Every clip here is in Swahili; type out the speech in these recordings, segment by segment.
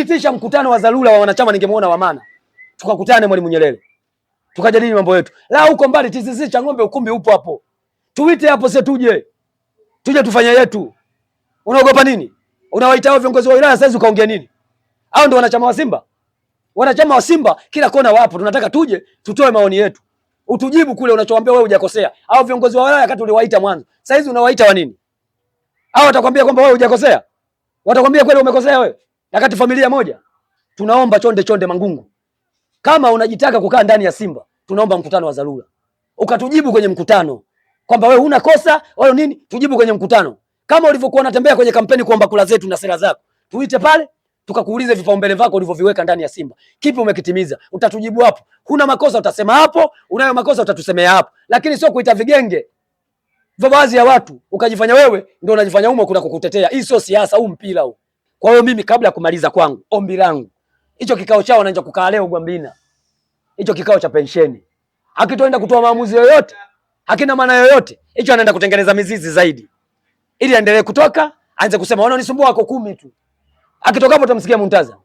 Itisha mkutano wa dharura wa wanachama, ningemuona Wamana, tukakutane Mwalimu Nyerere, tukajadili mambo yetu. La huko mbali TCC cha ng'ombe, ukumbi upo hapo, tuite hapo, sisi tuje tuje tufanye yetu. Unaogopa nini? Unawaita hao viongozi wa wilaya sasa, ukaongea nini? Hao ndio wanachama wa Simba, wanachama wa Simba kila kona wapo. Tunataka tuje tutoe maoni yetu, utujibu kule unachowaambia wewe, hujakosea. Hao viongozi wa wilaya kati uliwaita mwanzo, sasa hizi unawaita wa nini? Hao watakwambia kwamba wewe hujakosea, watakwambia kweli umekosea wewe Wakati familia moja tunaomba chonde chonde Mangungu, kama unajitaka kukaa ndani ya Simba tunaomba mkutano wa dharura, ukatujibu kwenye mkutano kwamba wewe huna kosa wewe nini, tujibu kwenye mkutano kama ulivyokuwa unatembea kwenye kampeni kuomba kula zetu na sera zako, tuite pale tukakuulize vipaumbele vyako ulivyoviweka ndani ya Simba, kipi umekitimiza? Utatujibu hapo. Huna makosa utasema hapo, unayo makosa utatusemea hapo, lakini sio kuita vigenge vya baadhi ya watu ukajifanya wewe ndio unajifanya umo kuna kukutetea. Hii sio siasa, huu mpira huu. Kwa hiyo mimi kabla ya kumaliza kwangu, ombi langu hicho kikao chao wanaanza kukaa leo Gwambina, hicho kikao cha pensheni hakitoenda kutoa maamuzi yoyote, hakina maana yoyote. Hicho anaenda kutengeneza mizizi zaidi, ili aendelee kutoka, aanze kusema wana nisumbua wako kumi tu. Akitoka hapo utamsikia Muntaza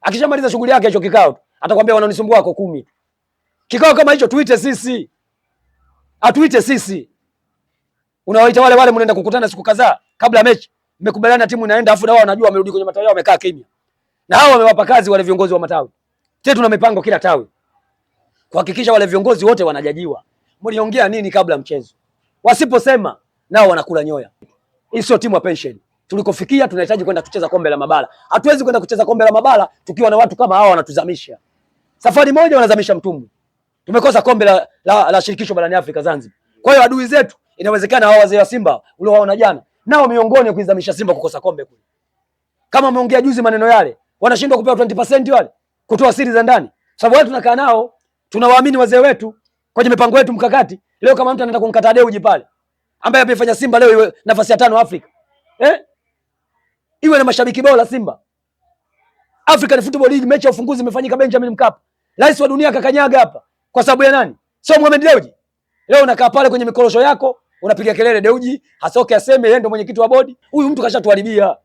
akishamaliza shughuli yake, hicho kikao atakwambia wana nisumbua wako kumi. Kikao kama hicho tuite sisi, atuite sisi. Unawaita wale wale, mnaenda kukutana siku kadhaa kabla ya mechi mmekubaliana timu inaenda, afu na wao wanajua, wamerudi kwenye matawi yao, wamekaa kimya, na hao wamewapa kazi wale viongozi wa matawi. Sisi tuna mipango kila tawi kuhakikisha wale viongozi wote wanajajiwa, mliongea nini kabla mchezo. Wasiposema nao wanakula nyoya. Hii sio timu ya pension. Tulikofikia tunahitaji kwenda kucheza kombe la mabara. Hatuwezi kwenda kucheza kombe la mabara tukiwa na watu kama hawa wanatuzamisha. Safari moja wanazamisha mtumbu. Tumekosa kombe la, la, la shirikisho barani Afrika Zanzibar. Kwa hiyo adui zetu inawezekana hao wazee wa Simba uliowaona jana nao miongoni ya kuizamisha Simba kukosa kombe kule. Kama ameongea juzi maneno yale, wanashindwa kupewa 20% wale kutoa siri za ndani. Sababu wale tunakaa nao, tunawaamini wazee wetu kwenye mipango yetu mkakati. Leo kama mtu anaenda kumkataa Dewji pale ambaye amefanya Simba leo iwe nafasi ya tano Afrika. Eh? Iwe na mashabiki bora Simba. African Football League mechi ya ufunguzi imefanyika Benjamin Mkapa. Rais wa dunia akakanyaga hapa kwa sababu ya nani? Sio Mohamed Dewji. Leo unakaa pale kwenye mikorosho yako unapiga kelele Deuji Hasoke aseme yeye ndio mwenyekiti wa bodi. Huyu mtu kashatuharibia.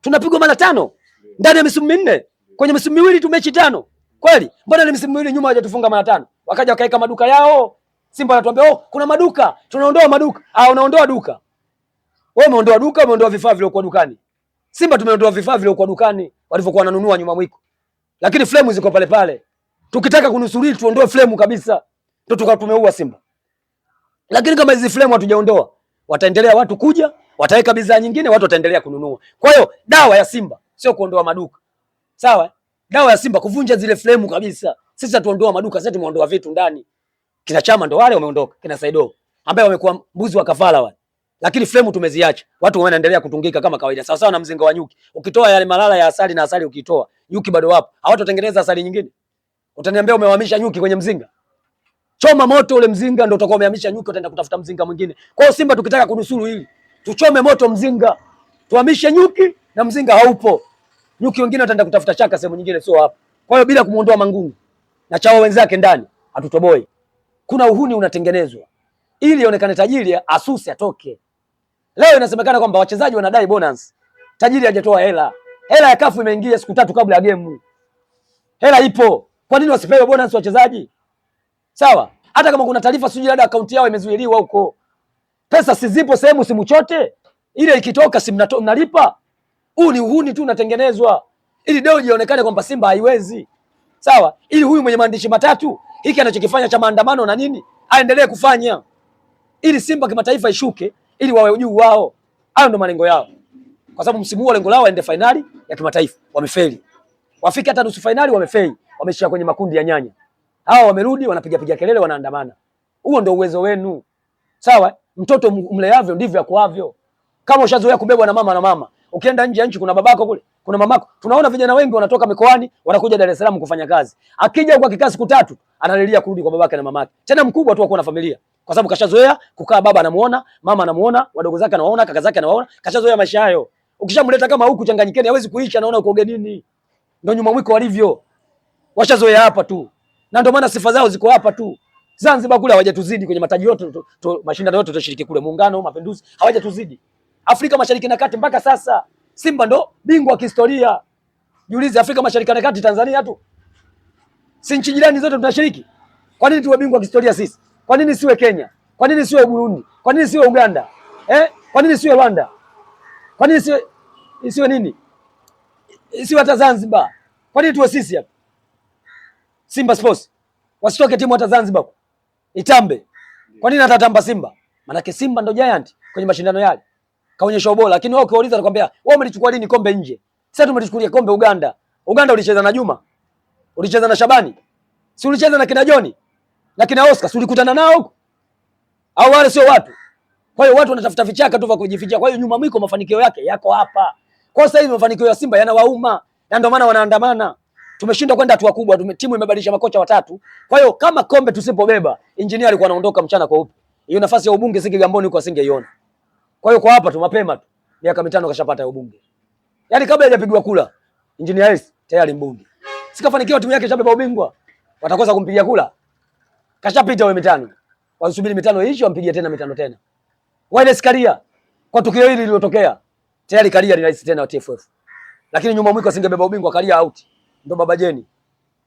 Tunapigwa mara tano ndani ya misimu minne, kwenye misimu miwili tu mechi tano. Kweli? Mbona ile misimu miwili nyuma hajatufunga mara tano? Wakaja wakaweka maduka yao. Simba anatuambia, "Oh, kuna maduka. Tunaondoa maduka." Ah, unaondoa duka. Wewe umeondoa duka, umeondoa vifaa vile kwa dukani. Simba tumeondoa vifaa vile kwa dukani walivyokuwa wananunua nyuma mwiko. Lakini flemu ziko pale pale. Tukitaka kunusuri tuondoe flemu kabisa. Ndio tukatumeua Simba. Lakini kama hizi fremu hatujaondoa, wataendelea watu kuja, wataweka bidhaa nyingine, watu wataendelea kununua. Kwa hiyo dawa ya Simba sio kuondoa maduka, sawa? Dawa ya Simba kuvunja zile fremu kabisa. Sisi hatuondoa maduka, sisi tumeondoa vitu ndani. Kina Chama ndo wale wameondoka, kina Saido ambaye wamekuwa mbuzi wa kafara wale, lakini fremu tumeziacha, watu wanaendelea kutungika kama kawaida, sawa sawa na mzinga wa nyuki. Ukitoa yale malala ya asali na asali, ukitoa nyuki bado wapo, hawatotengeneza asali nyingine. Utaniambia umewahamisha nyuki kwenye mzinga? Choma moto ule mzinga, ndio utakuwa umehamisha nyuki, utaenda kutafuta mzinga mwingine. Kwa hiyo Simba tukitaka kunusuru hili, tuchome moto mzinga, tuhamishe nyuki, na mzinga haupo, nyuki wengine wataenda kutafuta chaka sehemu nyingine, sio hapa. Kwa hiyo bila kumuondoa Mangungu na chao wenzake ndani, hatutoboi. Kuna uhuni unatengenezwa ili ionekane tajiri asuse atoke. Leo inasemekana kwamba wachezaji wanadai bonus, tajiri hajatoa hela. Hela ya kafu imeingia siku tatu kabla ya game, hela ipo. Kwa nini wasipewe bonus wachezaji? Sawa? Hata kama kuna taarifa sijui labda akaunti yao imezuiliwa huko. Pesa sizipo sehemu simu chote Ile ikitoka simu mnalipa. Huu ni uhuni tu unatengenezwa ili leo ionekane kwamba Simba haiwezi. Sawa? Ili huyu mwenye maandishi matatu hiki anachokifanya cha maandamano na nini aendelee kufanya. Ili Simba kimataifa ishuke ili wawe juu wao. Hayo ndo malengo yao. Kwa sababu msimu huu lengo lao waende fainali ya kimataifa. Wamefeli. Wafike hata nusu fainali wamefeli. wameshia kwenye makundi ya nyanya hawa wamerudi wanapiga piga kelele, wanaandamana. Huo ndio uwezo wenu, sawa? Mtoto mleavyo ndivyo akuavyo. Kama ushazoea kubebwa na mama na mama, ukienda nje ya nchi kuna babako kule, kuna mamako. Tunaona vijana wengi wanatoka mikoani wanakuja Dar es Salaam kufanya kazi, akija kwa akikaa siku tatu analilia kurudi kwa babake na mamake, tena mkubwa tu akuwa na familia, kwa sababu kashazoea kukaa, baba anamuona, mama anamuona, wadogo zake anawaona, kaka zake anawaona, kashazoea maisha hayo. Ukishamleta kama huku changanyikeni, hawezi kuishi, anaona uko ugenini. Ndio nyuma wiko walivyo, washazoea hapa tu na ndio maana sifa zao ziko hapa tu. Zanzibar kule hawajatuzidi kwenye mataji yote, mashindano yote tushiriki kule, Muungano, Mapinduzi hawajatuzidi. Afrika Mashariki na Kati mpaka sasa Simba ndo bingwa kihistoria. Jiulize, Afrika Mashariki na Kati Tanzania tu, si nchi jirani zote tunashiriki? Kwa nini tuwe bingwa kihistoria sisi? Kwa nini siwe Kenya? Kwa nini siwe Burundi? Kwa nini siwe Uganda eh? Kwa nini siwe Rwanda? Kwa nini siwe siwe nini, Siwe hata Zanzibar? Kwa nini tuwe sisi hapa? Simba Sports wasitoke timu hata Zanzibar itambe. Kwa nini atatamba Simba? Maanake Simba ndo giant kwenye mashindano yale, kaonyesha ubora. Lakini wao ukiwauliza, atakwambia wao umelichukua lini kombe nje? Sasa tumelichukulia kombe Uganda. Uganda ulicheza na Juma, ulicheza na Shabani, si ulicheza na kina Joni na kina Oscar, si ulikutana nao huko? Au wale sio watu? Kwa hiyo watu wanatafuta vichaka tu vya kujificha. Kwa hiyo nyuma mwiko mafanikio yake yako hapa. Kwa sasa hivi mafanikio ya Simba yanawauma na ndio maana wanaandamana tumeshindwa kwenda hatua kubwa, timu imebadilisha makocha watatu. Kwa hiyo kama kombe tusipobeba, injinia alikuwa anaondoka mchana kwa upi? Hiyo nafasi ya ubunge Singi Gamboni huko asingeiona. Kwa hiyo kwa hapa tu mapema tu miaka mitano kashapata ya ubunge, yaani kabla hajapigwa kula injinia S tayari mbunge. Sikafanikiwa timu yake ishabeba ubingwa, watakosa kumpigia kula? Kashapita wa mitano, wasubiri mitano hiyo, wampigie tena mitano tena. Wallace Karia kwa tukio hili lililotokea tayari Karia ni rais tena wa TFF, lakini nyuma mwiko asingebeba ubingwa, Karia out ndo Baba Jeni,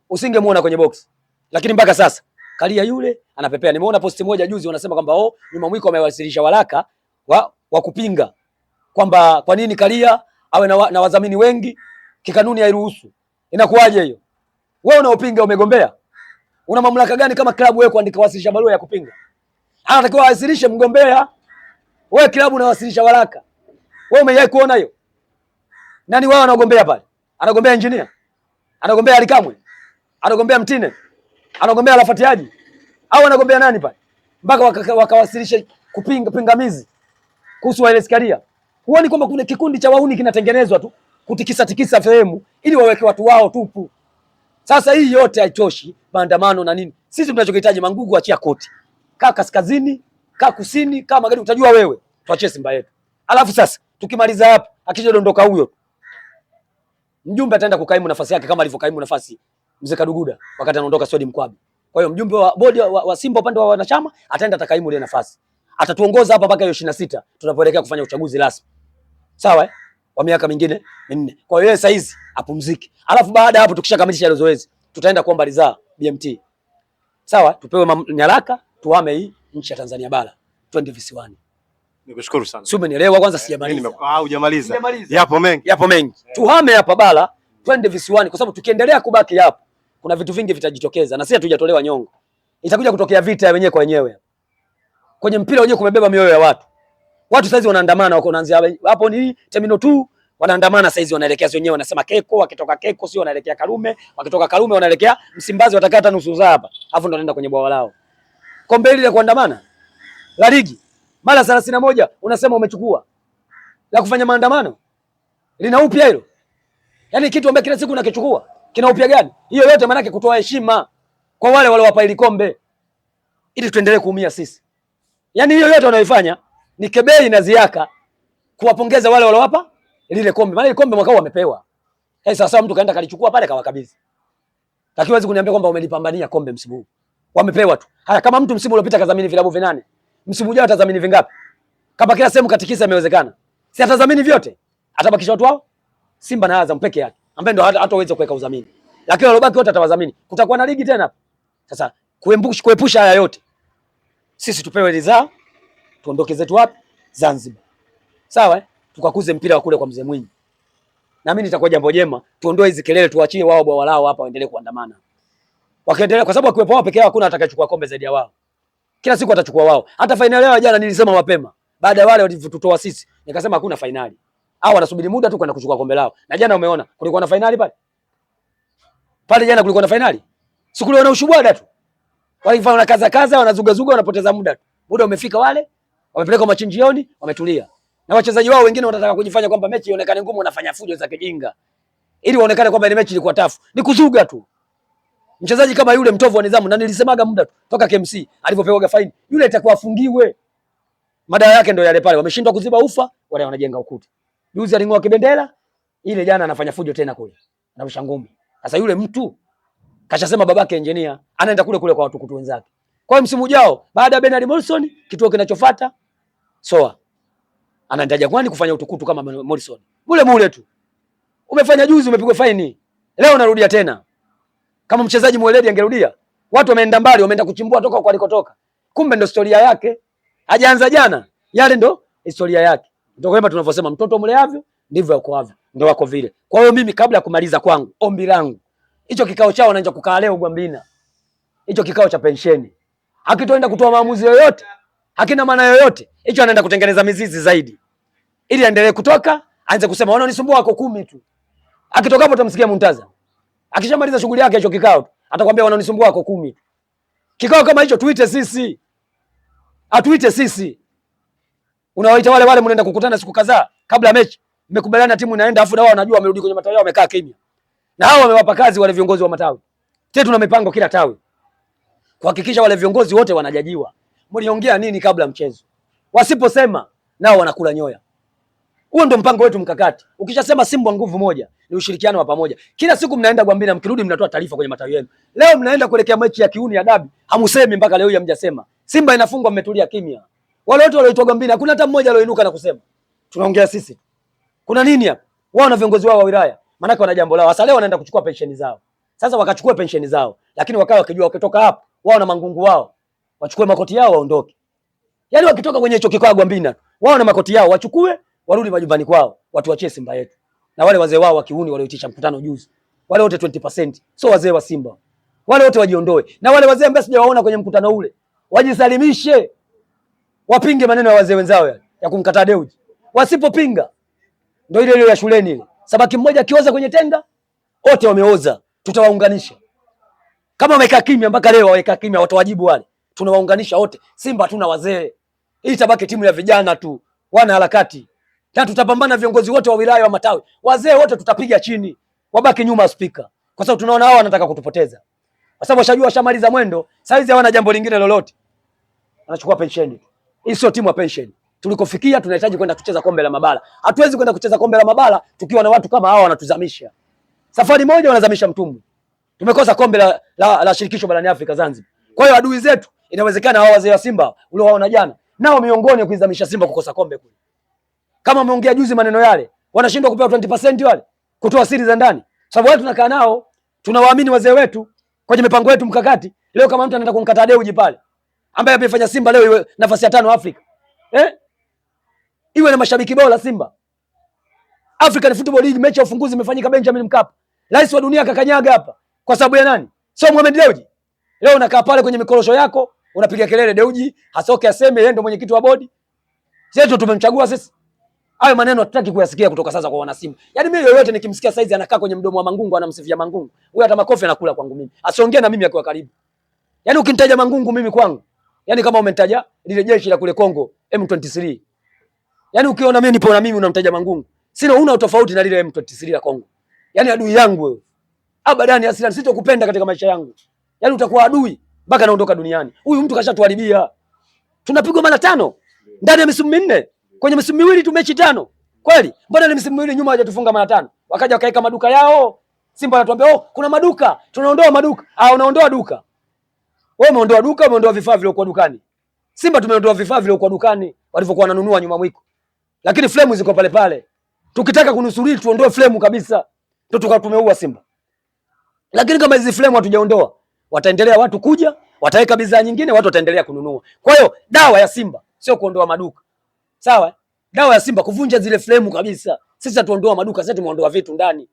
usingemuona kwenye box, lakini mpaka sasa kalia yule anapepea. Nimeona posti moja juzi wanasema kwamba oh, nyuma mwiko amewasilisha waraka wa, wa kupinga kwamba kwa nini kalia awe na, na wadhamini wengi, kikanuni hairuhusu. Inakuwaje hiyo? Wewe unaopinga umegombea, una mamlaka gani kama klabu wewe kuandika wasilisha barua ya kupinga? Anatakiwa awasilishe mgombea, wewe klabu unawasilisha waraka. Wewe umeyai kuona hiyo? Nani wao anagombea pale? Anagombea engineer Anagombea Alikamwe? Anagombea Mtine? Anagombea Lafatiaji? Au anagombea nani pale? Mpaka wakawasilisha waka kupinga pingamizi kuhusu Wallace Karia. Huoni kwamba kuna kikundi cha wauni kinatengenezwa tu kutikisa tikisa sehemu ili waweke watu wao tupu. Sasa hii yote haitoshi, maandamano na nini. Sisi tunachokihitaji Mangugu, achia koti. Kaa kaskazini, kaa kusini, kaa magharibi utajua wewe. Tuachie Simba yetu. Alafu sasa tukimaliza hapa akija dondoka huyo mjumbe ataenda kukaimu nafasi yake kama alivyokaimu nafasi mzee Kaduguda wakati anaondoka Swedi Mkwabi. Kwa hiyo mjumbe wa bodi wa, wa Simba upande wa wanachama ataenda atakaimu ile nafasi, atatuongoza hapa mpaka 26 tunapoelekea kufanya uchaguzi rasmi, sawa eh? Kwa miaka mingine minne. Kwa hiyo yeye sasa hizi apumzike, alafu baada hapo tukishakamilisha ile zoezi tutaenda kuomba ridhaa BMT, sawa, tupewe nyaraka tuhame hii nchi ya Tanzania bara twende visiwani. Nikushukuru sana. Sio umenielewa kwanza eh, sijamaliza. Mimi Ah, hujamaliza. Yapo mengi. Yapo mengi. Eh. Tuhame hapa bala, twende visiwani kwa sababu tukiendelea kubaki hapo kuna vitu vingi vitajitokeza na sisi hatujatolewa nyongo. Itakuja kutokea vita wenyewe kwa wenyewe. Kwenye mpira wenyewe kumebeba mioyo ya watu. Watu saizi wanaandamana wako wanaanzia hapo ni Terminal 2 wanaandamana saizi wanaelekea wenyewe wanasema Keko, wakitoka Keko sio wanaelekea Karume, wakitoka Karume wanaelekea Msimbazi watakata nusu za hapa. Alafu ndo wanaenda kwenye bwawa lao. Kombe hili la kuandamana la ligi mara thelathini na moja unasema umechukua la kufanya maandamano, lina upya hilo? Yaani kitu ambacho kila siku unakichukua kina upya gani? Hiyo yote maanake kutoa heshima kwa wale waliowapa hili kombe ili tuendelee kuumia sisi. Yaani hiyo yote wanaoifanya ni kebei na ziaka kuwapongeza wale waliowapa lile kombe, maana ile kombe mwaka huu wamepewa. Eh, sasa mtu kaenda kalichukua pale kawakabidhi, lakini huwezi kuniambia kwamba umelipambania kombe msimu huu. Wamepewa tu. Haya, kama mtu msimu uliopita kadhamini vilabu vinane msimu ujao atadhamini vingapi? Kama kila sehemu katikisa imewezekana, si atadhamini vyote? Atabakisha watu wao Simba na Azam peke yake, ambaye ndo hata uweze kuweka udhamini, lakini walobaki wote atawadhamini. Kutakuwa na ligi tena. Sasa kuepusha kuepusha haya yote, sisi tupewe ridhaa, tuondoke zetu wapi? Zanzibar, sawa eh? Tukakuze mpira wa kule kwa mzee Mwinyi, na mimi nitakuwa jambo jema. Tuondoe hizi kelele, tuachie wao bwa walao hapa waendelee kuandamana, wakiendelea kwa sababu akiwepo wao peke yao hakuna atakayechukua kombe zaidi ya wao. Kila siku atachukua wao. Hata fainali yao jana nilisema mapema. Baada ya wale walivyotutoa sisi, nikasema hakuna fainali. Hao wanasubiri muda tu kwenda kuchukua kombe lao. Na jana umeona kulikuwa na fainali pale. Pale jana kulikuwa na fainali. Sikuliona ushubwada tu. Walifanya kaza kaza, wanazugazuga, wanapoteza muda tu. Muda umefika wale, wamepelekwa machinjioni, wametulia. Na wachezaji wao wengine wanataka kujifanya kwamba mechi ionekane ngumu, wanafanya fujo za kijinga. Ili waonekane kwamba ni mechi ilikuwa tafu. Ni kuzuga tu. Mchezaji kama yule mtovu wa nidhamu, na nilisemaga muda tu toka KMC alivyopewaga faini yule, itakuwa afungiwe. Madawa yake ndio yale pale, wameshindwa kuziba ufa, wale wanajenga ukuta. Juzi aling'oa kibendera ile, jana anafanya fujo tena kule, na ngumi. Sasa yule mtu kashasema babake engineer, anaenda kule kule kwa watu kutu wenzake. Kwa hiyo msimu ujao baada ya Bernard Morrison, kituo kinachofuata Soa anaendaje kwani kufanya utukutu kama Morrison. Mule mule tu. Umefanya juzi, umepigwa faini. Leo narudia tena. Kama mchezaji mweledi angerudia. Watu wameenda mbali, wameenda kuchimbua toka kwa alikotoka. Kumbe ndo historia yake. Hajaanza jana. Yale ndo historia yake. Ndio kama tunavyosema mtoto mleavyo ndivyo wako wavyo. Ndio wako vile. Kwa hiyo mimi kabla ya kumaliza kwangu, ombi langu. Hicho kikao chao wanaanza kukaa leo Gwambina. Hicho kikao cha pensheni. Hakitoenda kutoa maamuzi yoyote. Hakina maana yoyote. Hicho anaenda kutengeneza mizizi zaidi. Ili aendelee kutoka, aanze kusema wanaonisumbua wako kumi tu. Akitoka hapo utamsikia Muntaza. Akishamaliza shughuli yake hicho kikao atakwambia wananisumbua wako kumi. Kikao kama hicho tuite sisi. Atuite sisi. Unawaita wale wale mnaenda kukutana siku kadhaa kabla ya mechi. Mmekubaliana timu inaenda afu na wao wanajua wamerudi kwenye matawi yao wamekaa kimya. Na hao wamewapa kazi wale viongozi wa matawi. Tena tuna mipango kila tawi. Kuhakikisha wale viongozi wote wanajajiwa. Mliongea nini kabla mchezo? Wasiposema nao wanakula nyoya. Huo ndio mpango wetu mkakati. Ukishasema Simba nguvu moja, ni ushirikiano wa pamoja. Kila siku mnaenda Gwambina na mkirudi mnatoa taarifa kwenye matawi yenu. Leo mnaenda kuelekea mechi ya kiuni ya dabi, hamusemi mpaka leo hamjasema. Simba inafungwa mmetulia kimya. Wale wote walioitwa Gwambina, kuna hata mmoja alioinuka na kusema tunaongea sisi. Kuna nini hapa? Wao na viongozi wao wa wilaya, Maana wana jambo lao. Sasa leo wanaenda kuchukua pensheni zao. Sasa wakachukua pensheni zao, lakini wakawa wakijua wakitoka hapo wao na mangungu wao, wachukue makoti yao waondoke. Yaani wakitoka kwenye hicho kikao Gwambina, wao na makoti yao wachukue warudi majumbani kwao, watuachie Simba yetu na wale wazee wao wa kiuni walioitisha mkutano juzi, wale wote 20%, so wazee wa Simba wale wote wajiondoe, na wale wazee ambao sijawaona kwenye mkutano ule wajisalimishe, wapinge maneno ya wazee wenzao ya, ya kumkataa Dewji. Wasipopinga ndio ile ile ya shuleni ile, sabaki mmoja akioza kwenye tenda, wote wameoza, tutawaunganisha. Kama wameka kimya mpaka leo, waweka kimya, watawajibu wale, tunawaunganisha wote. Simba hatuna wazee, hii tabaki timu ya vijana tu, wana harakati na tutapambana, viongozi wote wa wilaya wa matawi, wazee wote tutapiga chini, wabaki nyuma spika, kwa sababu tunaona hao wanataka kutupoteza, kwa sababu washajua washamaliza mwendo, saizi hawana jambo lingine lolote, wanachukua pensheni. Hii sio timu ya pensheni. Tulikofikia tunahitaji kwenda kucheza kombe la mabara. Hatuwezi kwenda kucheza kombe la mabara tukiwa na watu kama hawa wanatuzamisha. Safari moja wanazamisha mtumbwi. Tumekosa kombe la, la, la shirikisho barani Afrika Zanzibar. Kwa hiyo adui zetu inawezekana hawa wazee wa Simba ulio waona jana nao miongoni kuizamisha Simba kukosa kombe kule kama wameongea juzi maneno yale, wanashindwa kupewa 20% wale, kutoa siri za ndani, sababu wale tunakaa nao tunawaamini wazee wetu kwenye mipango yetu mkakati. Leo kama mtu anaenda kumkataa Dewji pale ambaye amefanya Simba leo iwe nafasi ya tano Afrika eh, iwe na mashabiki bora Simba. African Football League mechi ya ufunguzi imefanyika Benjamin Mkapa, rais wa dunia akakanyaga hapa kwa sababu ya nani? Sio Mohamed Dewji. Leo unakaa pale kwenye mikorosho yako unapiga kelele Dewji hasoke aseme yeye ndio mwenyekiti wa bodi, sisi tumemchagua sisi Hayo maneno hatutaki kuyasikia kutoka sasa kwa wana Simba. Yaani mimi yoyote nikimsikia saizi anakaa kwenye mdomo wa Mangungu anamsifia Mangungu. Huyo hata makofi anakula kwangu mimi. Asiongee na mimi akiwa karibu. Yaani ukinitaja Mangungu mimi kwangu. Yaani kama umenitaja lile jeshi la kule Kongo M23. Yaani ukiona mimi nipo na mimi unamtaja Mangungu. Sina una utofauti na lile M23 la Kongo. Yaani adui yangu wewe. Abadani asila sitokupenda katika maisha yangu. Yaani utakuwa adui mpaka naondoka duniani. Huyu mtu kashatuharibia. Tunapigwa mara tano ndani ya misimu minne kwenye misimu miwili tu mechi tano kweli? Mbona ile misimu miwili nyuma hajatufunga mara tano? Wakaja wakaweka maduka yao. Simba anatuambia oh, kuna maduka, tunaondoa maduka. Ah, unaondoa duka wewe, umeondoa duka, umeondoa vifaa vilivyokuwa dukani. Simba tumeondoa vifaa vilivyokuwa dukani walivyokuwa wananunua nyuma mwiko, lakini flemu ziko pale pale. Tukitaka kunusuri tuondoe flemu kabisa, ndio tukawa tumeua Simba. Lakini kama hizi flemu hatujaondoa, wataendelea watu kuja, wataweka bidhaa nyingine, watu wataendelea kununua. Kwa hiyo dawa ya Simba sio kuondoa maduka Sawa? Dawa ya Simba kuvunja zile fremu kabisa. Sisi hatuondoa maduka, sisi tumeondoa vitu ndani.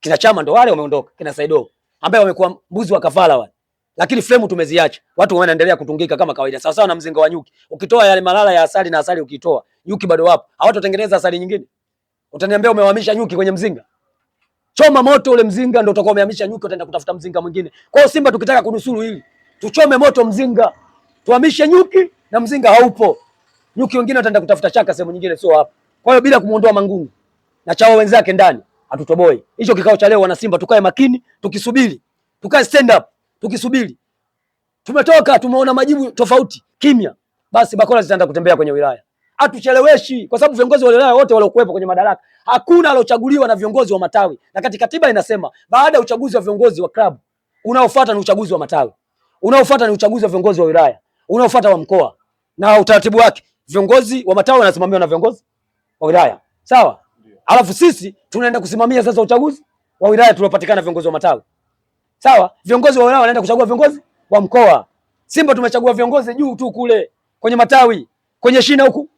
Kina Chama ndo wale wameondoka, kina Saido ambaye wamekuwa mbuzi wa kafara wale. Lakini fremu tumeziacha. Watu wanaendelea kutungika kama kawaida. Sawa sawa na mzinga wa nyuki. Ukitoa yale malala ya asali na asali ukitoa, nyuki bado wapo. Hawatotengeneza asali nyingine. Utaniambia umehamisha nyuki kwenye mzinga? Choma moto ule mzinga ndio utakuwa umehamisha nyuki, utaenda kutafuta mzinga mwingine. Kwa hiyo Simba tukitaka kunusuru hili, tuchome moto mzinga. Tuhamishe nyuki na mzinga haupo nyuki wengine wataenda kutafuta chaka sehemu nyingine, sio hapa. Kwa hiyo bila kumuondoa Mangungu na chao wenzake ndani, hatutoboi. Hicho kikao cha leo, wana Simba, tukae makini, tukisubiri, tukae stand up, tukisubiri. Tumetoka tumeona majibu tofauti, kimya. Basi bakora zitaenda kutembea kwenye wilaya, hatucheleweshi, kwa sababu viongozi wa wilaya wote waliokuwepo kwenye madaraka, hakuna alochaguliwa na viongozi wa matawi, na katika katiba inasema baada ya uchaguzi wa viongozi wa klabu unaofuata ni uchaguzi wa matawi, unaofuata ni uchaguzi wa viongozi wa wilaya, unaofuata wa mkoa na utaratibu wake viongozi wa matawi wanasimamiwa na viongozi wa wilaya, sawa? Alafu sisi tunaenda kusimamia sasa uchaguzi wa wilaya tuliopatikana viongozi wa matawi, sawa? Viongozi wa wilaya wanaenda kuchagua viongozi wa mkoa. Simba tumechagua viongozi juu tu kule kwenye matawi, kwenye shina huku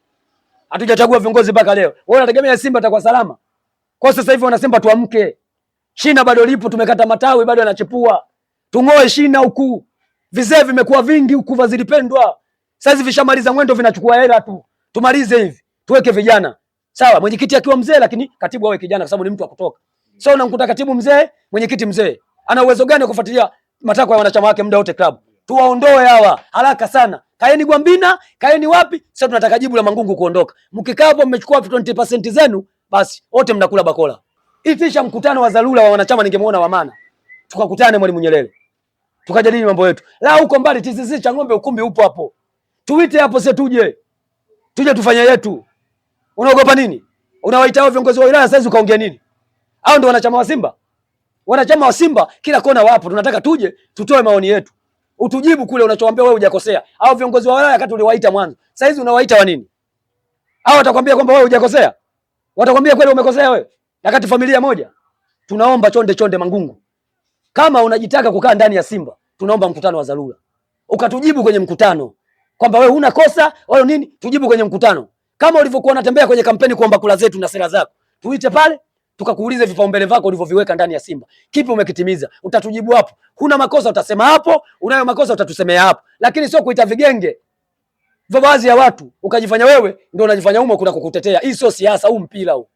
hatujachagua viongozi mpaka leo. Wewe unategemea Simba atakuwa salama? Kwa sasa hivi wanasimba tuamke, shina bado lipo, tumekata matawi bado yanachipua, tung'oe shina huku. Vizee vimekuwa vingi huku, vazilipendwa sasa hivi vishamaliza mwendo, vinachukua hela tu. Tumalize hivi, tuweke vijana sawa. Mwenyekiti akiwa mzee, lakini katibu awe kijana, kwa sababu ni mtu wa kutoka. Sasa So unamkuta katibu mzee, mwenyekiti mzee, ana uwezo gani wa kufuatilia matakwa ya wanachama wake muda wote klabu? Tuwaondoe hawa haraka sana. Kaeni Gwambina, kaeni wapi? Sasa tunataka jibu la Mangungu kuondoka. Mkikaa hapo mmechukua 20% zenu, basi wote mnakula bakola. Itisha mkutano wa dharura wa wanachama, ningemuona wa maana, tukakutane Mwalimu Nyerere tukajadili mambo yetu. La, huko mbali tizizi cha ng'ombe ukumbi upo hapo tuite hapo sasa, tuje tuje tufanye yetu. Unaogopa nini? Unawaita hao viongozi wa wilaya saizi ukaongea nini? Hao ndio wanachama wa Simba. Wanachama wa Simba kila kona wapo, tunataka tuje tutoe maoni yetu, utujibu kule unachowaambia wewe. Hujakosea hao viongozi wa wilaya, wakati uliwaita mwanzo, saizi unawaita wa nini? Hao watakwambia kwamba wewe hujakosea? Watakwambia kweli umekosea wewe, Na kati familia moja. Tunaomba chonde chonde Mangungu, kama unajitaka kukaa ndani ya Simba, tunaomba mkutano wa dharura ukatujibu kwenye mkutano kwamba wewe huna kosa wala nini, tujibu kwenye mkutano, kama ulivyokuwa unatembea kwenye kampeni kuomba kula zetu na sera zako, tuite pale tukakuulize vipaumbele vyako ulivyoviweka ndani ya Simba, kipi umekitimiza? Utatujibu hapo. Huna makosa utasema hapo, unayo makosa utatusemea hapo, lakini sio kuita vigenge vya baadhi ya watu ukajifanya wewe ndio unajifanya umo kuna kukutetea. Hii sio siasa, huu mpira huu.